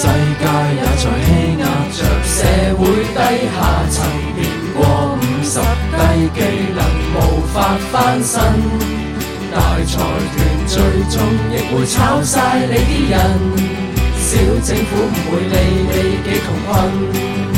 世界也在欺壓着社會低下層，年過五十低技能無法翻身，大財團最終亦會炒晒你啲人，小政府唔會理你幾窮困。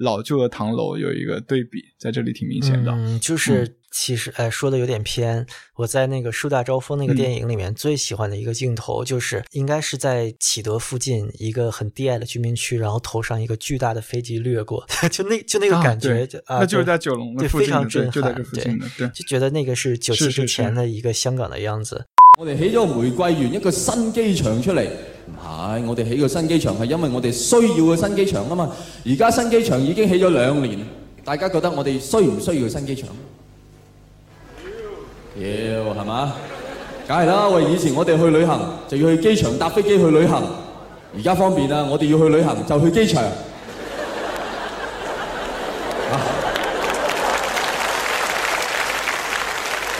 老舊的唐樓有一個對比，在這裏挺明顯的。嗯，就是其實哎、呃，說的有點偏。我在那個《樹大招風》那個電影裏面，最喜歡的一個鏡頭，就是、嗯、應該是在啟德附近一個很低矮的居民區，然後頭上一個巨大的飛機掠過， 就那就那個感覺啊，啊就是在九龍的附近的對對，非常震撼，對，就覺得那個是九七之前的一個香港的樣子。是是是我哋起咗玫瑰園，一個新機場出嚟。唔係，我哋起個新機場係因為我哋需要個新機場啊嘛！而家新機場已經起咗兩年，大家覺得我哋需唔需要新機場？要係嘛？梗係啦！喂，以前我哋去旅行就要去機場搭飛機去旅行，而家方便啦，我哋要去旅行就去機場。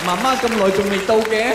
媽媽咁耐仲未到嘅。